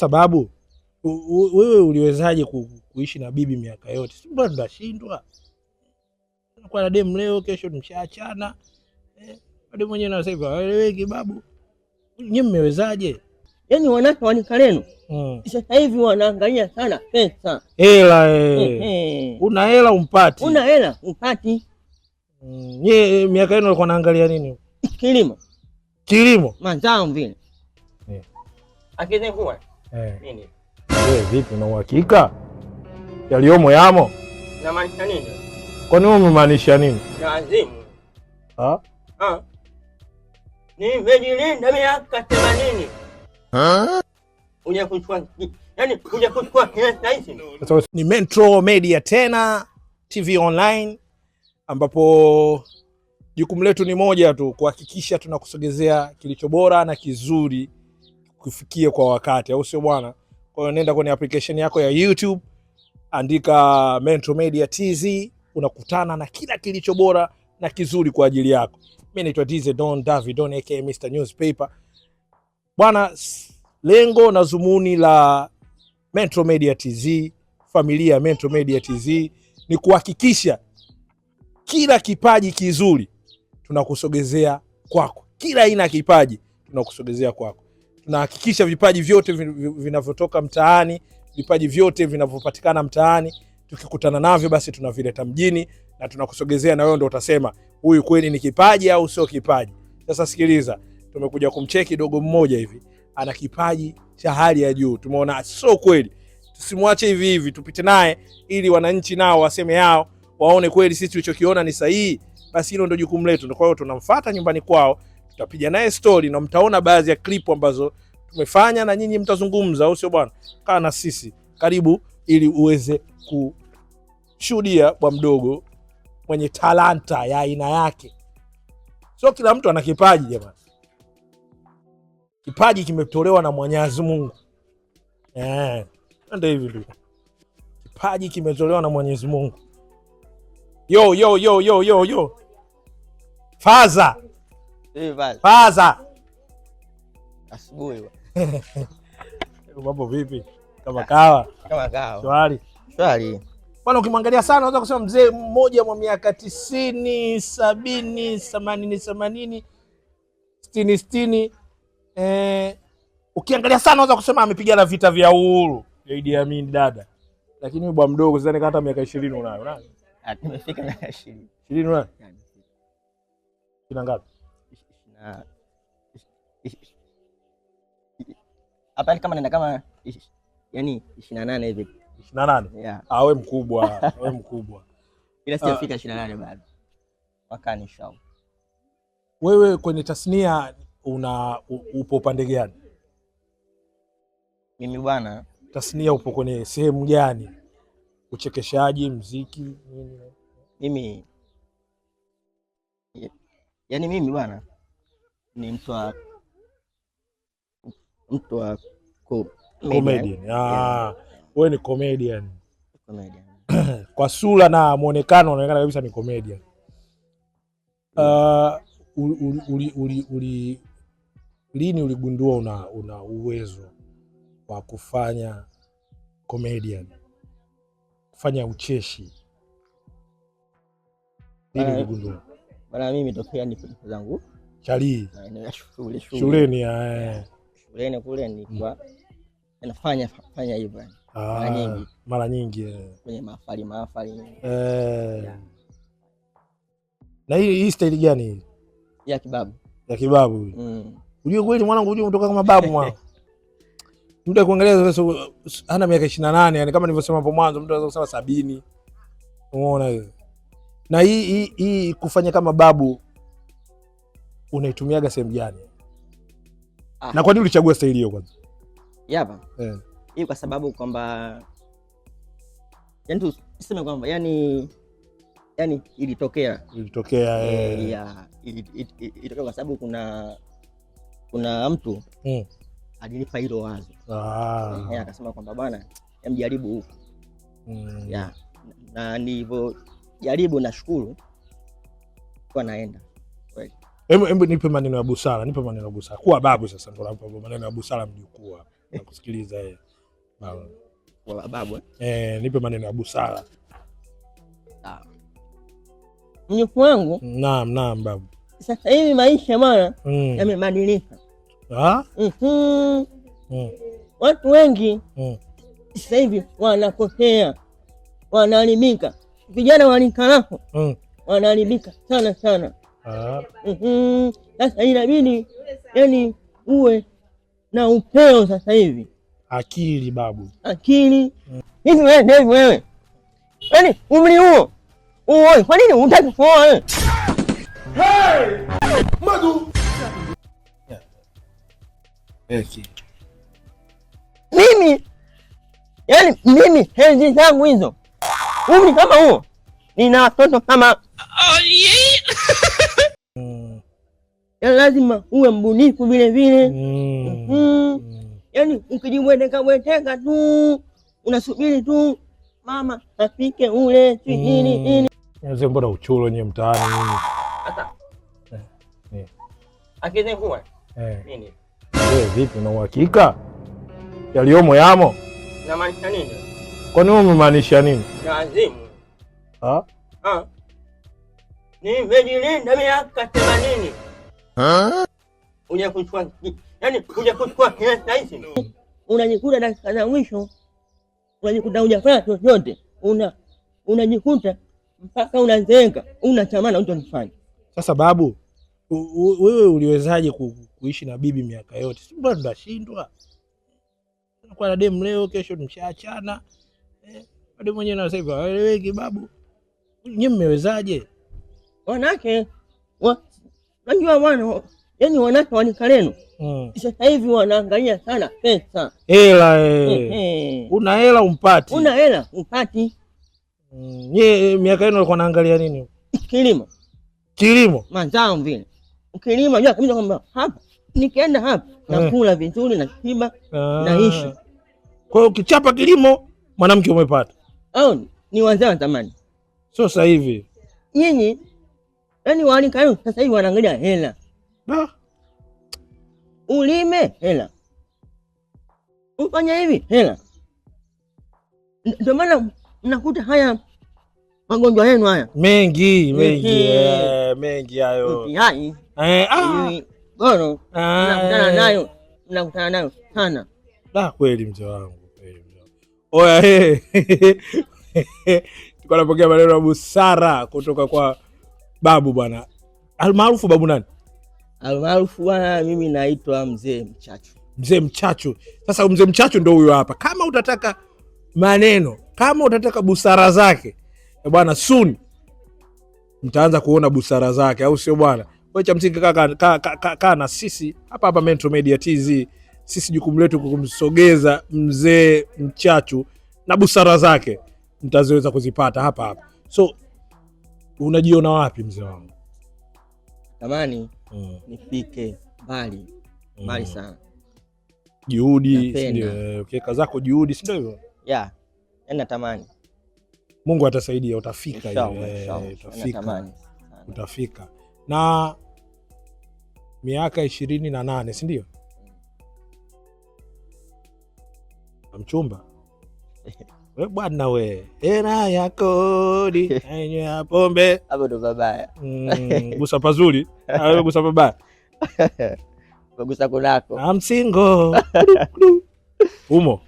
sababu wewe uliwezaje ku, kuishi na bibi miaka yote? Si mbona tunashindwa kwa na demu leo, kesho mshaachana eh, bado mwenyewe na sasa hivi haeleweki. Babu, nyinyi mmewezaje? Yaani wanawake wanika lenu hmm. Sasa hivi wanaangalia sana pesa, hela eh. Hey. Una hela umpati, una hela umpati mm. Ye, eh, Miaka yenu walikuwa naangalia nini? Kilimo, kilimo, mazao vile yeah. akizengua eh. Nini? Wewe vipi na uhakika? Yaliomo yamo. Na maanisha nini? Kwa nini umemaanisha nini? Na azimu. Ha? Ha. Nimejilinda miaka 80. Ha? Uja kuchukua. Yaani uja kuchukua kesa hizi. Ni Metro Media tena TV online ambapo jukumu letu ni moja tu, kuhakikisha tunakusogezea kilicho bora na kizuri kufikie kwa wakati, au sio bwana? Kwa hiyo nenda kwenye application yako ya YouTube, andika Metro Media TZ, unakutana na kila kilicho bora na kizuri kwa ajili yako. Mimi naitwa DJ Don David Don aka Mr Newspaper. Bwana, lengo na zumuni la Metro Media TZ, familia ya Metro Media TZ ni kuhakikisha kila kipaji kizuri tunakusogezea kwako, kila aina ya kipaji tunakusogezea kwako tunahakikisha vipaji vyote vinavyotoka mtaani, vipaji vyote vinavyopatikana mtaani, tukikutana navyo basi tunavileta mjini na tunakusogezea, na wewe ndo utasema huyu kweli ni kipaji au sio kipaji. Sasa sikiliza, tumekuja kumcheki dogo mmoja hivi, ana kipaji cha hali ya juu, tumeona sio kweli, tusimwache hivi hivi, tupite naye ili wananchi nao waseme yao, waone kweli sisi tulichokiona ni sahihi. Basi hilo ndo jukumu letu. Kwa hiyo tunamfuata nyumbani kwao tutapiga naye stori na mtaona baadhi ya klipu ambazo tumefanya na nyinyi mtazungumza, au sio bwana? Kaa na sisi karibu, ili uweze kushuhudia bwa mdogo mwenye talanta ya aina yake. Sio kila mtu ana kipaji jamani, kipaji kimetolewa na Mwenyezi Mungu eh, hivi tu kipaji kimetolewa na Mwenyezi Mungu. Yo yo yo yo yo yo, faza Paza. Asubuhi. Mambo vipi? Kama kawa. Kama kawa. Bwana, ukimwangalia sana unaweza kusema mzee mmoja mwa miaka tisini, sabini, themanini, themanini, sitini, sitini. Eh, ukiangalia sana unaweza kusema amepigana vita vya uhuru ya Idi Amin dada, lakini bwa mdogo sidhani hata miaka ishirini unayo. Ah, tumefika miaka unayo? Ina ngapi? Ah, hapa kama nenda kama yani ishirini na nane hivi ishirini na nane awe ah, mkubwa awe mkubwa, ila sijafika ah. ishirini na nane bado mwakani inshallah. Wewe kwenye tasnia una upo upande gani? Mimi bwana, tasnia upo kwenye sehemu gani? Uchekeshaji, mziki, nini? Mimi yani mimi bwana ni mtu wa mtu wa comedian. Ah, wewe ni comedian. Comedian. Kwa sura na muonekano unaonekana kabisa ni comedian. Uh, uli, uli, uli, uli, lini uligundua una, una uwezo wa kufanya comedian, kufanya ucheshi? Lini uligundua? Bana, mimi tokea ni zangu sharii ah, shuleni ah, eh. shuleni kule nilikuwa mm. nafanya fanya hivyo mara ah, nyingi eh. kwenye eh. Na hii hii staili gani hii ya kibabu ya kibabu mm. Ujue kweli mwanangu, ujue kama babu mtu akuangalia sasa miaka ishirini na nane yani, kama nilivyosema hapo mwanzo, mtu anaweza kusema sabini. Umeona hiyo, na hii hii kufanya kama babu unaitumiaga sehemu gani? Ah. Na kwa nini ulichagua staili hiyo kwanza? Yapa. Eh. Hii kwa sababu kwamba yani tuseme kwamba yani yani ilitokea ilitokea eh, eh ya ilitokea it, it, kwa sababu kuna kuna mtu mm. alinipa hilo wazo ah. Eh, akasema kwamba bwana mjaribu huko mm. ya na nilivyo jaribu nashukuru kwa naenda Mm. Hebu hebu nipe maneno ya busara, nipe maneno ya busara. Kuwa babu sasa ndo hapo maneno ya busara mjukuu hapa. Nakusikiliza yeye. Babu. Wala babu eh? Eh, nipe maneno ya busara. Ah. Mjukuu wangu? Naam, naam babu. Sasa hivi maisha bwana mm. yamebadilika. Ah? Mhm. Mm. Watu wengi mm. sasa hivi wanakosea. Wanaharibika. Vijana wa rika lako mm. wanaharibika sana sana. Ah. Mm-hmm. Sasa inabidi yani uwe na upeo sasa hivi, akili babu, akili mm. hivi. Wewe Dave, wewe yani umri huo uoe, kwa nini hutaki kuoa? Mimi yani mimi hezi zangu hizo, umri kama huo, nina watoto kama oh, yaani lazima uwe mbunifu vile vile mm. mm. yaani ukijibweteka bweteka tu unasubiri tu mama afike ule si mm. nini nini mm. mbona uchulo nyewe mtaani nini sasa eh, akizeni kuwa eh. nini wewe vipi na uhakika yaliomo yamo namaanisha nini kwani wewe umemaanisha nini azimu ah ah nimejilinda miaka themanini Unakuchukua yani, unakuchukua unajikuta dakika za mwisho, unajikuta hujafanya chochote, unajikuta mpaka unazeeka, una utonifanya. Sasa babu, wewe uliwezaje ku, kuishi na bibi miaka yote? Si tunashindwa kwa na demu leo, kesho mshaachana eh, hadi mwenyewe anasema haeleweki. Babu, nyinyi mmewezaje? wanawake wa Unajua wana yani wanawake wa Nikareno mm. Sasa hivi wanaangalia sana pesa, hela eh. Hey. Una hela umpati, una hela umpati mm. Nye eh, miaka yenu walikuwa naangalia nini? Kilimo, kilimo, mazao vile. Ukilima unajua kabisa kwamba hapa nikienda hapa eh. nakula eh, vizuri na kiba ah, naishi. Kwa hiyo ukichapa kilimo mwanamke umepata, au ni wazee wa zamani, sio sasa hivi nyinyi Yaani waanika sasa hivi wanaangalia hela, ulime hela, ufanya hivi hela. Ndio maana mnakuta haya magonjwa yenu haya mengi mengi mengi, eh, hayo eh, ah! gono mnakutana eh. nayo mnakutana nayo sana. La kweli, mzee wangu, kweli mzee wangu. Oya, napokea maneno ya busara kutoka kwa babu bwana almaarufu babu nani? Almaarufu bwana, mimi naitwa mzee Mchachu. Mzee Mchachu. Sasa mzee Mchachu ndo huyo hapa. Kama utataka maneno, kama utataka busara zake eh, bwana, sun mtaanza kuona busara zake, au sio bwana? Wewe cha msingi kaa ka, ka, ka, na sisi hapa hapa Metro Media TZ. Sisi jukumu letu kumsogeza mzee Mchachu na busara zake mtaziweza kuzipata hapa hapa. So unajiona wapi mzee wangu? Tamani mm. nifike mbali mbali mm. sana. Juhudi ukiweka zako juhudi, si ndio hivyo? Yeah. Yaani natamani Mungu atasaidia, utafika yaani utafika, utafika na miaka ishirini na nane si ndio? Mm. Mchumba We bwana we, era ya kodi ya pombe hapo ndo babaya. Mm, gusa pazuri awe ah, gusa babaya gusa kunako amsingo umo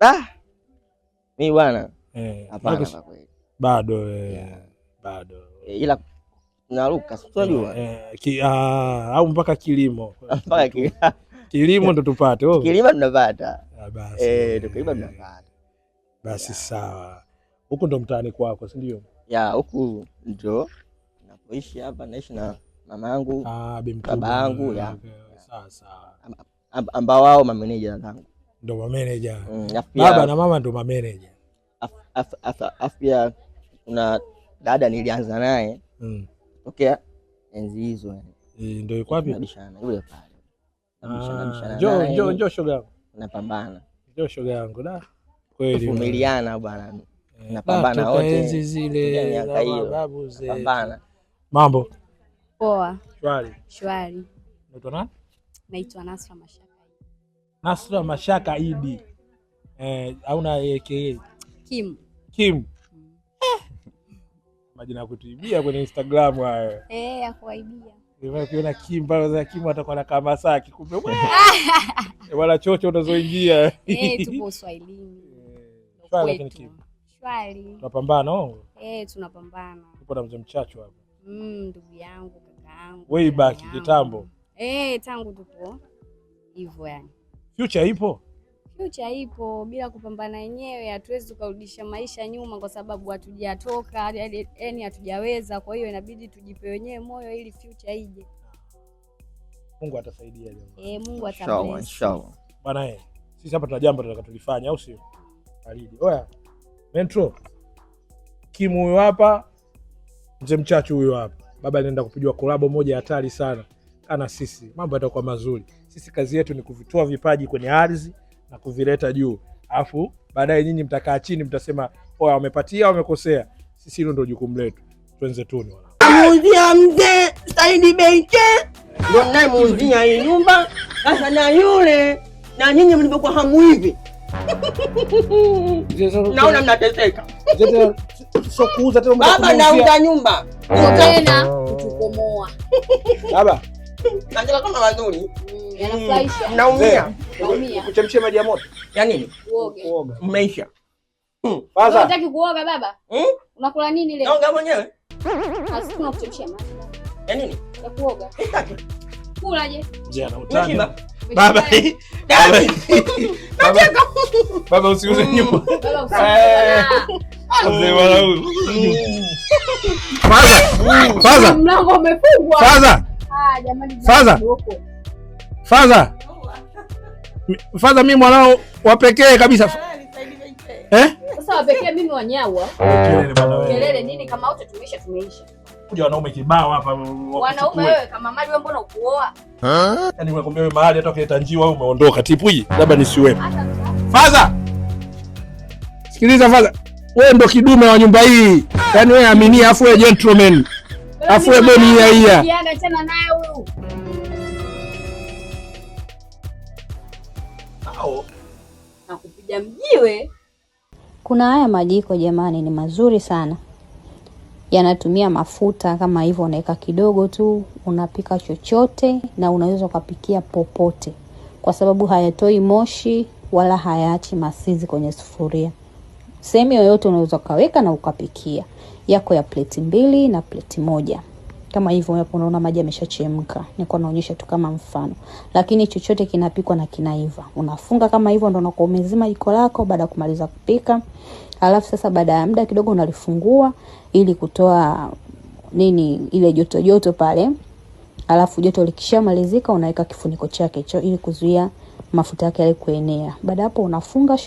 ah, mi bwana eh, hapana kwa kweli bado eh, yeah. bado eh, ila naruka sijua eh, eh ah, au mpaka kilimo mpaka kilimo ndo tupate oh. kilimo tunapata ah, basi eh, tukilima tunapata basi sawa, huku ndo mtaani kwako, si ndio? Ya, huku ndio napoishi hapa, naishi na mama yangu, ah, baba yangu, ya sawa sawa, ambao wao mameneja zangu ndo mameneja. Mm, baba na mama ndo mameneja. Afu kuna dada nilianza naye mm. enzi hizo e, ndio yuko wapi? yule pale, ah, njoo njoo shoga yangu, napambana, njoo shoga yangu da kweli vumiliana bwana, eh, napambana wote enzi zile miaka hiyo Mambo poa, shwari shwari. nani? Naitwa Nasra Mashaka. Nasra Mashaka Idi eh, au na Kim Kim eh. majina ya kutuibia kwenye Instagram hayo eh, ya Ukiona Kim pale Kim atakuwa na kama saki, kumbe eh, wala chocho unazoingia. Eh, tupo shwari, lakini kipi? Shwari. Tunapambana. Eh, tunapambana. na mzee mchacho hapa. Mm, ndugu yangu, kaka yangu. Wewe kitambo. Eh, tangu tupo hivyo yani. Future ipo? Future ipo, bila kupambana wenyewe hatuwezi tukarudisha maisha nyuma, kwa sababu hatujatoka, yani hatujaweza. Kwa hiyo inabidi tujipe wenyewe moyo ili future ije. Mungu atasaidia Eh, Mungu atabariki. Inshallah, eh, sisi hapa tuna jambo tunataka tulifanya, au sio? baridi. Oya Metro, kimu huyu hapa, mzee mchachu huyu hapa, baba anaenda kupigwa kolabo moja hatari sana ana sisi, mambo yatakuwa mazuri. Sisi kazi yetu ni kuvitoa vipaji kwenye ardhi na kuvileta juu, alafu baadaye nyinyi mtakaa chini, mtasema oya, wamepatia wamekosea. Sisi hilo ndio jukumu letu. Tuenze tuni amuuzia mzee Saidi Benke ndio nayemuuzia hii nyumba sasa, na yule na nyinyi mlivyokuwa hamu hivi naona mnateseka. Sio kuuza tena baba, nauza nyumba tena oh. kutukomoa baba, nataka kama wazuri mm, mm. naumia, kuchemshia maji ya moto ya nini? Kuoga mmeisha. Hmm. Sasa unataka kuoga baba, hmm? unakula nini leo? Naoga mwenyewe. Hakuna kuchemshia maji ya nini? Ya kuoga. Kula je? Je, ana utani Baba, baba usiuze nyuma. Mlango umefungwa. Faza, ah, faza, mi mwanao wa pekee kabisa. Ah, eh? Sasa wa pekee mimi wanyawa. Kelele nini kama wote tumeisha tumeisha kuja wanaume kibao hapa. Wanaume wewe kama mali wewe mbona ukuoa? Eh? Yaani unakwambia wewe mahali hata ukileta njiwa wewe umeondoka. Tipui labda nisiwepo. Faza. Sikiliza Faza. Wewe ndo kidume wa nyumba hii. Yaani wewe amini afu wewe gentleman. Afu wewe boni ya ya. Yana tena naye huyu. Ao. Nakupiga mjiwe. Kuna haya majiko jamani, ni mazuri sana yanatumia mafuta kama hivyo, unaweka kidogo tu, unapika chochote na unaweza ukapikia popote, kwa sababu hayatoi moshi wala hayaachi masizi kwenye sufuria. Sehemu yoyote unaweza ukaweka na ukapikia yako ya pleti mbili na pleti moja kama hivyo hapo, unaona maji yameshachemka. Niko naonyesha tu kama mfano, lakini chochote kinapikwa na kinaiva, unafunga kama hivyo, ndio unakuwa umezima jiko lako baada ya kumaliza kupika. Alafu sasa, baada ya muda kidogo, unalifungua ili kutoa nini, ile joto joto pale. Alafu joto likishamalizika, unaweka kifuniko chake hicho ili kuzuia mafuta yake yale kuenea. Baada hapo, unafunga.